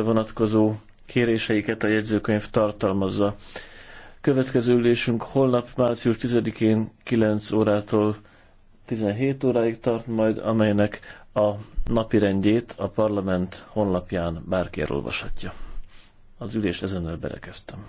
vonatkozó kéréseiket a jegyzőkönyv tartalmazza. Következő ülésünk holnap március 10-én 9 órától 17 óráig tart majd, amelynek a napi rendjét a parlament honlapján bárki elolvashatja. Az ülés ezennel berekeztem.